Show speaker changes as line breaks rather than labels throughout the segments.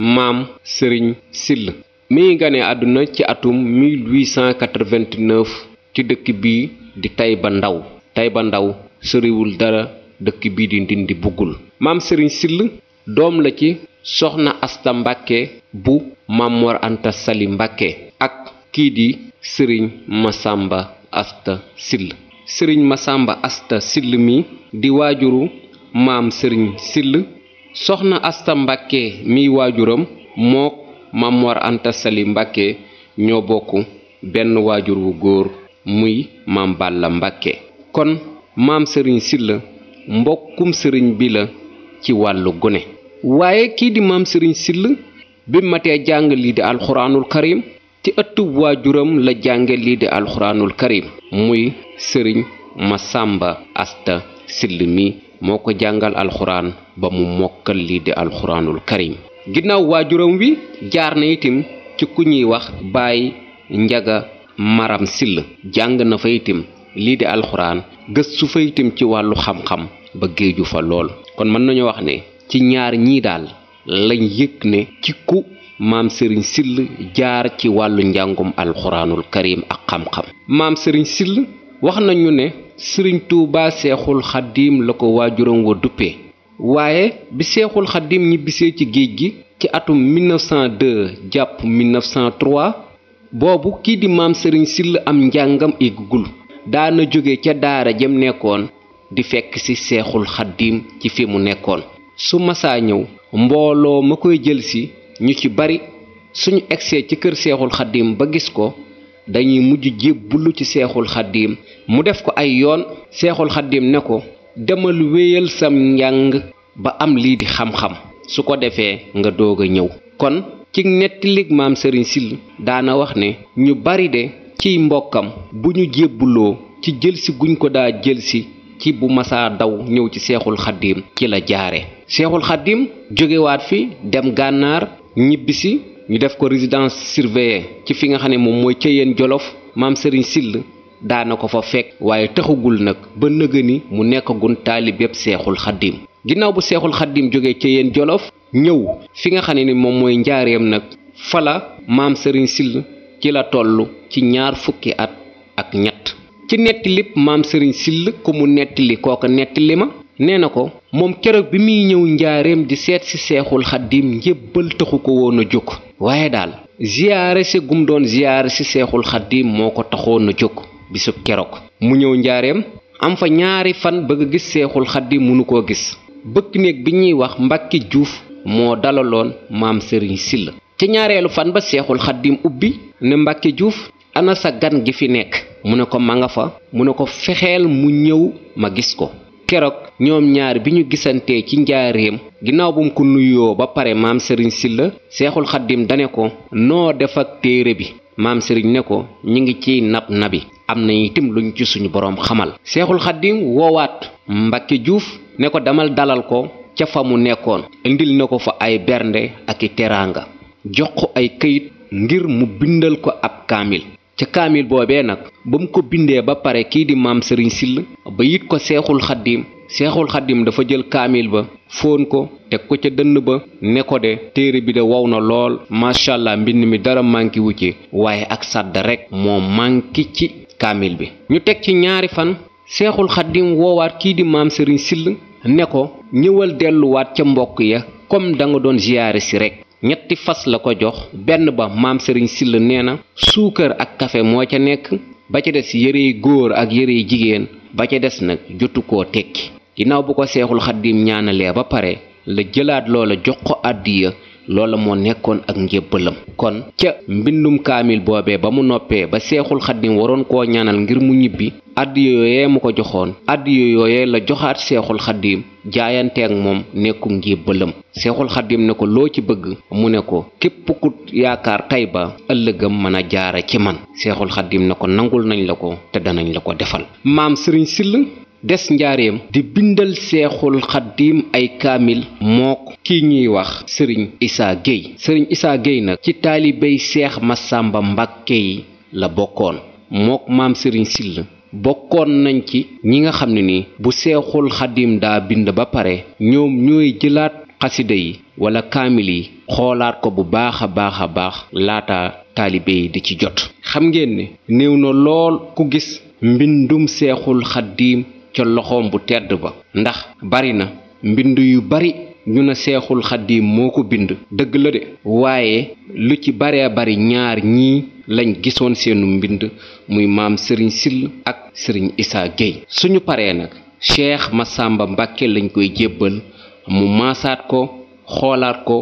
maam sëriñ sill mi ngi gane àdduna ci atum 1889 ci dëkk bii di Taïba Ndaw Taïba Ndaw sëriwul dara dëkk bii di Ndindi Bugul maam sëriñ sill doom la ci soxna asta mbàkke bu Mamor Anta Sali Mbàkke ak kii di sëriñ Masamba asta sill sëriñ Masamba asta sill mi di waajuru maam sëriñ sill soxna asta mbàkke mi waajuram mook mamor anta sali mbàkke ñoo bokk benn waajur wu góor muy maam balla mbàkke kon maam sëriñ silla mbokkum sëriñ bi la ci wàllu gune waaye kii di maam sëriñ sill bi matee jàng lii di alxuraanul karim ci ëttub waajuram la jànge lii di alxuraanul karim muy sëriñ Masamba asta sill mi moo ko jàngal alxuraan ba mu mokkal lii di alxuraanul karim ginnaaw waajuram wi jaar na itim ci ku ñuy wax baay njaga maram sill jàng na fa itim lii di alxuraan gëstu fa itim ci wàllu xam-xam ba géeju fa lool kon mën nañu wax ne ci ñaar ñii daal lañ yëg ne ci ku maam sëriñ sill jaar ci wàllu njàngum alxuraanul karim ak xam-xam maam sëriñ sill wax nañu ne sëriñ tuuba seexul xaddiim la ko waajuram wa duppee waaye bi seexul xaddiim ñibbisee ci géej gi ci atum 1902 jàpp 1903 boobu kii di maam sëriñ sill am njàngam eggul daana jóge ca daara jëm nekkoon di fekk ci seexul xaddiim ci fi mu nekkoon su masaa ñëw mbooloo ma koy jëlsi ñu ci bari suñu egsee ci kër seexul xaddiim ba gis ko dañuy mujj jébbalu ci seexul xaddiim mu def ko ay yoon seexul xaddiim ne ko demal wéyal sam njàng ba am lii di xam-xam su ko defee nga doog a ñëw kon ci nettalik maam sëriñ sil daana wax ne ñu bari de ciy mbokkam bu ñu jébbuloo ci jëlsi guñ ko daa jëlsi ci bu masaa daw ñëw ci seexul xaddiim ci la jaare seexul xaddiim jógewaat fi dem gànnaar ñibbisi ñu def ko résidence surveillée ci fi nga xam ne moom mooy Ceyeen Jolof maam Serigne Sill daana ko fa fekk waaye taxagul nag ba nëga ni mu nekkagun taalib yépp seexul xaddim ginnaaw bu seexul xaddim jógee Ceyeen Jolof ñëw fi nga xam ne ni moom mooy njaareem nag fala maam Serigne Sill ci la toll ci ñaar fukki at ak ñett ci nettilib maam Serigne Sill ko mu nettili kooka nettili ma nee na ko moom keroog bi muy ñëw njaareem di seet si seexul xaddim njébbal taxu ko woon a jóg waaye daal ziyaare si gum doon ziyaare si seexul xaddiim moo ko taxoon a jóg bisub keroog mu ñëw njaareem am fa ñaari fan bëgg gis seexul xaddiim mënu koo gis bëkk néeg bi ñuy wax mbàkki juuf moo dalaloon maam sëriñ Sylla ci ñaareelu fan ba seexul xaddiim ubbi ne mbàkki juuf ana sa gan gi fi nekk mu ne ko ma fa mu ne ko fexeel mu ñëw ma gis ko keroog ñoom ñaar bi ñu gisantee ci njaareem ginnaaw bu mu ko nuyoo ba pare maam sëriñ silla seexul xaddim dane ko noo def ak téere bi maam sëriñ ne ko ñu ngi ciy nab nabi am na itam luñ ci suñu boroom xamal seexul xaddim woowaat mbakke juuf ne ko damal dalal ko ca fa mu nekkoon indil na ko fa ay bernde ak i teraanga jox ko ay këyit ngir mu bindal ko ab kaamil ca kaamil boobee nag ba mu ko bindee ba pare kii di maam sëriñ sill ba yit ko seexul xaddim seexul xaddim dafa jël kaamil ba fóon ko teg ko ca dënn ba ne ko de téere bi de wow na lool macha allah mbind mi dara manqué wu ci waaye ak sàdd rekk moo manqué ci kaamil bi ñu teg ci ñaari fan seexul xaddim woowaat kii di maam sëriñ sill ne ko ñëwal delluwaat ca mbokk ya comme da nga doon ziyaare si rekk ñetti fas la ko jox benn ba maam sëriñ sill nee na suukar ak kafe moo ca nekk ba ca des yërey góor ak yërey jigéen ba ca des nag jotu ko tekki ginnaaw bu ko seexul xaddiim ñaanalee ba pare la jëlaat loola jox ko àddiya loola moo nekkoon ak njébbalam kon ca mbindum kaamil boobee ba mu noppee ba seexul xaddim waroon koo ñanal ngir mu ñibbi àddi yooyee mu ko joxoon àddi yooyee la joxaat seexul xaddim jaayanteeg moom nekku njébbalam seexul xaddim ne ko loo ci bëgg mu ne ko képp ku yaakaar tay ba ëllëgam mën a jaara ci man seexul xaddim ne ko nangul nañ la ko te danañ la ko defal maam sëriñ sill des njaareem di bindal seexul xaddiim ay kaamil mook ki ñuy wax sëriñ Issa Gueye sëriñ Issa Gueye nag ci taalibey seex Masàmba Mbàkke yi la bokkoon mook maam sëriñ Sill bokkoon nañ ci ñi nga xam ne ni bu seexul xaddiim daa bind ba pare ñoom ñooy jëlaat xasida yi wala kaamil yi xoolaat ko bu baax a baax a baax laata taalibe di ci jot xam ngeen ne néew na lool ku gis mbindum seexul xaddiim ca loxoom bu tedd ba ndax bari na mbind yu bari ñu na seexul xaddiim moo ko bind dëgg la de waaye lu ci baree bari ñaar ñii lañ gisoon seenu mbind muy maam sëriñ sill ak sëriñ isaa géey suñu paree nag cheikh masamba mbàkke lañ koy jébbal mu maasaat ko xoolaat ko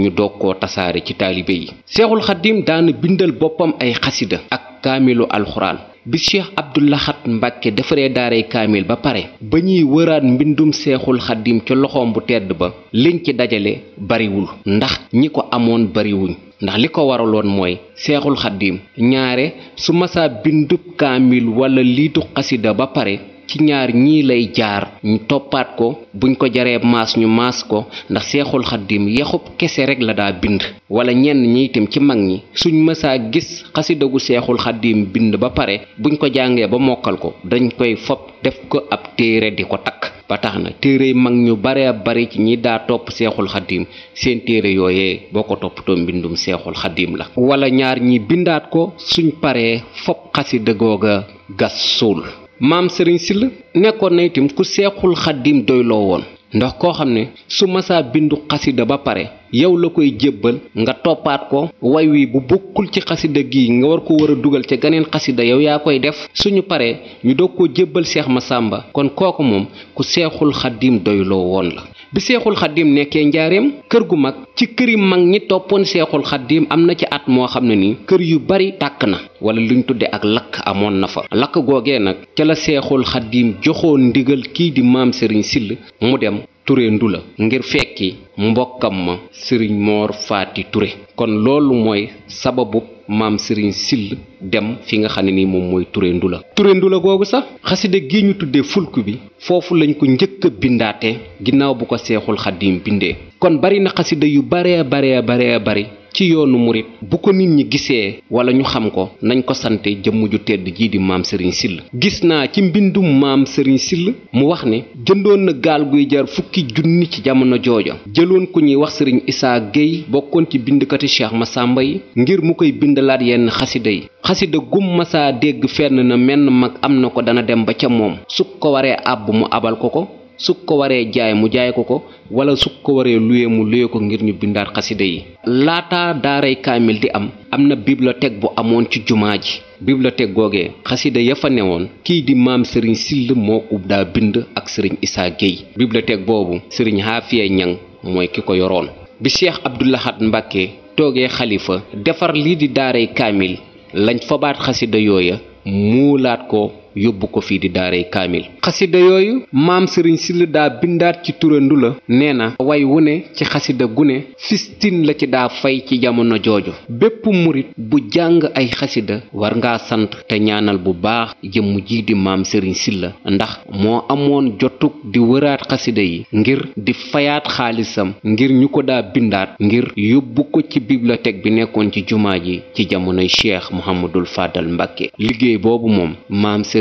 ñu dog ko tasaare ci taalibe yi seexul xaddiim daana bindal boppam ay xasida ak kaamilu alxuraan bi cheikh abdul mbàkke defaree daaray kaamil ba pare ba ñuy wëraat mbindum seexul xaddim ca loxoom bu tedd ba liñ ci dajale bariwul ndax ñi ko amoon bariwuñ ndax li ko waraloon mooy seexul xaddim ñaare su masaa bindub kaamil walla liitu xasida ba pare ci ñaar ñii lay jaar ñu toppaat ko buñ ko jaree maas ñu maas ko ndax seexul xaddim yaxub kese rek la daa bind wala ñenn ñi itam ci mag ñi suñ mësaa gis xasida gu seexul xaddim bind ba pare buñ ko jàngee ba mokkal ko dañ koy fob def ko ab téere di ko takk ba tax na téere mag ñu bare bari ci ñi daa topp seexul xaddim seen téere yooye boo ko toppatoo mbindum seexul xaddim la wala ñaar ñi bindaat ko suñ paree fob xasida googa gas suul maam sëriñ Sylla nekkoon na itam ku seexul xaddim doyloo woon ndox koo xam ne su masaa bindu xasida ba pare yow la koy jébbal nga toppaat ko way wi bu bokkul ci xasida gi nga war ko war a dugal ca geneen xasida yow yaa koy def suñu paree ñu dog koo jébbal seex sàmba kon kooku moom ku seexul xaddim doyloo woon la bi seexul xaddiim nekke njaareem kër gu mag ci këri mag ñi toppoon seexul xaddiim am na ci at moo xam ne nii kër yu bari tàkk na wala luñ tudde ak lakk amoon na fa lakk googee nag ca la seexul xaddiim joxoon ndigal kii di maam sëriñ sill mu dem Touré Ndula ngir fekki mbokkam ma sëriñ moor faati ture kon loolu mooy sababu maam Serigne Sill dem fi nga xam ne nii moom mooy Touré Ndula Touré Ndula googu sax xasida gi ñu tuddee fulk bi foofu lañ ko njëkk a bindaate ginnaaw bu ko seexul xaddim bindee kon bari na xasida yu baree baree baree bari ci yoonu murit bu ko nit ñi gisee wala ñu xam ko nañ ko sante jëmm ju tedd jii di maam Serigne Syll gis naa ci mbindum maam Serigne Syll mu wax ni jëndoon na gaal guy jar fukki junni ci jamono jooja jëloon ku ñuy wax Serigne Issa Gueye bokkoon ci bindkati Cheikh Massamba yi ngir mu koy bindalaat yenn xasida yi xasida gum masaa dégg fenn na menn mag am na ko dana dem ba ca moom su ko waree àbb mu abal ko ko su ko waree jaay mu jaay ko ko wala su ko waree luye mu luye ko ngir ñu bindaat xasida yi laata daaray kaamil di am am na bibliothèque bu amoon ci jumaa ji bibliothèque googe xasida ya fa newoon kii di maam sëriñ sill moo ko daa bind ak sëriñ isaa géey bibliothèque boobu sëriñ xaafiya ñang mooy ki ko yoroon bi cheikh abdoulahat mbàkke toogee xalifa defar lii di daaray kaamil lañ fabaat xasida yooya muulaat ko yóbbu ko fii di daaray kaamil xasida yooyu maam sëriñ Sylla daa bindaat ci turandu la nee na way wu ne ci xasida gune fistin la ci daa fay ci jamono jooju bépp murit bu jàng ay xasida war nga sant te ñaanal bu baax jëmm ji di maam sëriñ Sylla ndax moo amoon jotug di wëraat xasida yi ngir di fayaat xaalisam ngir ñu ko daa bindaat ngir yóbbu ko ci bibliothèque bi nekkoon ci jumaa ji ci jamonoy Cheikh Mouhamadul Fadal Mbàkke liggéey boobu moom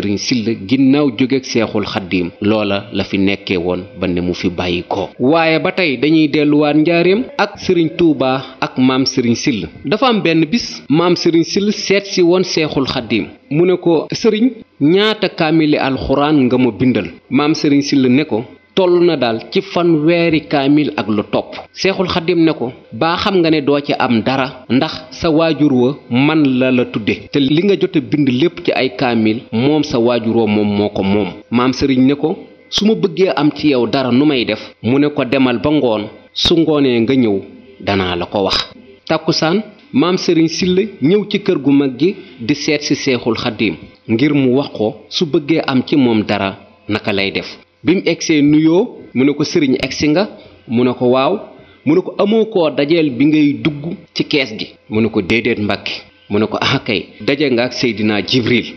sëriñ Silla ginnaaw jógeeg seexul xaddiim loola la fi nekkee woon ba ne mu fi bàyyi ko waaye ba tey dañuy delluwaat njaareem ak sëriñ tuubaa ak maam sëriñ Silla dafa am benn bis maam sëriñ sil seet si woon seexul xaddiim mu ne ko sëriñ ñaata kaamili alxuraan nga ma bindal maam sëriñ Silla ne ko tollu na daal ci fanweeri kaamil ak lu topp seexul xaddim ne ko baa xam nga ne doo ci am dara ndax sa waajur wa man la la tudde te li nga jot bind lépp ci ay kaamil moom sa waajur wa moom moo ko moom maam sëriñ ne ko su ma bëggee am ci yow dara nu may def mu ne ko demal ba ngoon su ngoonee nga ñów danaa la ko wax tàkkusaan maam sëriñ silla ñëw ci kër gu mag gi di seetsi si seexul xaddim ngir mu wax ko su bëggee am ci moom dara naka lay def bi mu egsee nuyoo mu ne ko sëriñ egsi nga mu ne ko waaw mu ne ko amoo koo dajeel bi ngay dugg ci kees gi mu ne ko déedéet mbàkke mu ne ko ah kay daje nga ak Seydina Jibril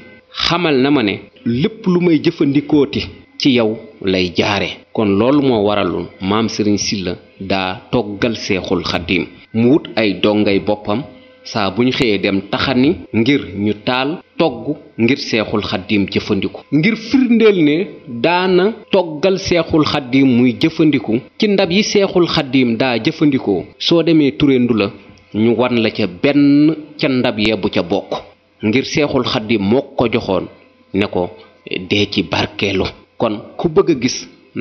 xamal na ma ne lépp lu may jëfandikooti ci yow lay jaare kon loolu moo waraloon maam sëriñ Silla daa toggal seexul xaddiim mu wut ay dongay boppam saa bu ñu xëyee dem taxani ngir ñu taal togg ngir seexul xaddiim jëfandiku ngir firndeel ne daana toggal seexul xaddiim muy jëfandiku ci ndab yi seexul xaddiim daa jëfandikoo soo demee Touré Ndoulo ñu wan la ca benn ca ndab yebu ca bokk ngir seexul xaddiim moo ko joxoon ne ko dee ci barkeelu kon ku bëgg a gis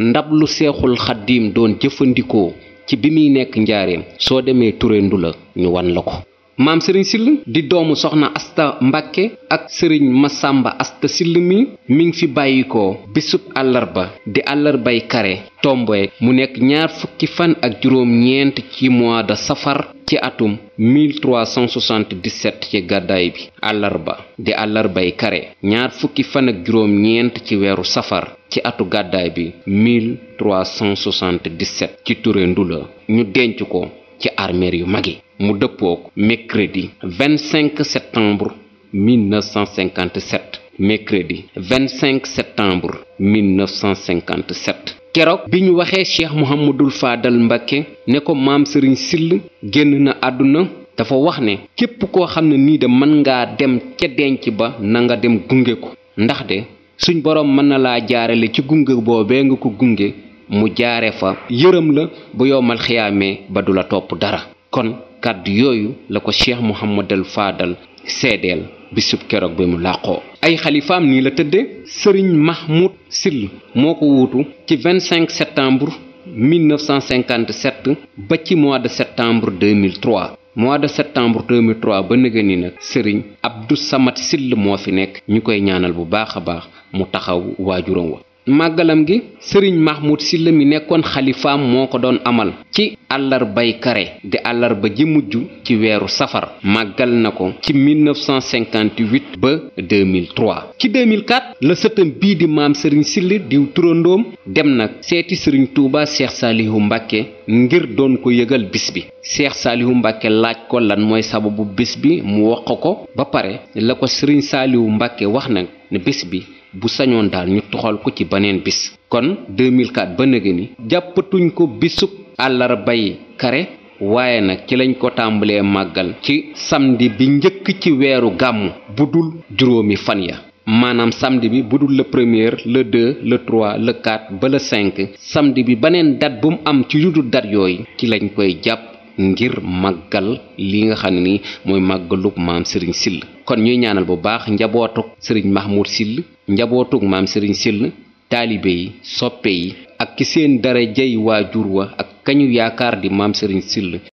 ndab lu seexul xaddim doon jëfandikoo ci bi muy nekk njaareem soo demee Touré Ndoulo ñu wan la ko maam sëriñ sill di doomu soxna asta mbàkke ak sëriñ masamba asta sill mi mi ngi fi bàyyikoo bisub àllarba di àllarbay kare tombe mu nekk ñaar fukki fan ak juróom ñeent ci mois de safar ci atum 1377 ci gàddaay bi àllarba di àllarbay kare ñaar fukki fan ak juróom ñeent ci weeru safar ci atu gàddaay bi 1377 ci ture ndula ñu denc ko ci armeer yu mag yi mu dëppook mercredi 25 septembre 1957 mercredi 25 septembre 1957 keroog bi ñu waxee cheikh Mouhamadul Fadal Mbacké ne ko maam Serigne Sill génn na àdduna dafa wax ne képp koo xam ne nii de mën ngaa dem ca denc ba na nga dem gunge ko ndax de suñ borom mën na laa jaarale ci gunge boobee nga ko gunge mu jaare fa yërëm la bu yowmal xiyaamee ba du la topp dara kon kàddu yooyu la ko cheikh mouhamadal faadal seedeel bisub keroog bi mu làqoo ay xalifaam nii la tëdde sëriñ mahmoud sill moo ko wuutu ci 25 septembre 1957 ba ci mois de septembre 2003 mois de septembre 2003 ba nëgë ni nag sëriñ abdou samad sill moo fi nekk ñu koy ñaanal bu baax a baax mu taxaw waajuram wa màggalam gi sëriñ Mahmoud Sylla mi nekkoon xalifaam moo ko doon amal ci àllarbay kare di àllarba ji mujj ci weeru safar màggal na ko ci 1958 ba 2003 ci 2004 la sëtam bii di maam sëriñ Sylla diw turandoom dem nag seeti sëriñ Touba Seex Saalihu Mbàkke ngir doon ko yëgal bis bi Seex Saalihu Mbàkke laaj ko lan mooy sababu bis bi mu wax ko ba pare la ko sëriñ Saalihu Mbàkke wax na ne bis bi bu sañoon daal ñu toxal ko ci beneen bis kon 2004 ba nëgë ni jàppatuñ ko bisub àllarbay kare waaye nag ci lañ ko tàmbalee màggal ci samedi bi njëkk ci weeru gàmmu bu dul juróomi fan ya maanaam samedi bi bu dul le première le deux le trois le quatre ba le cinq samedi bi beneen date bu am ci ludul date yooyu ci lañ koy jàpp ngir màggal li nga xam ni mooy màggalub maam Serigne Syll kon ñuy ñaanal bu baax njabootuk Serigne Mahmoud Syll njabootug maam sëriñ sill taalibe yi soppe yi ak ki seen dara jay waajur wa ak kañu yaakaar di maam sëriñ sill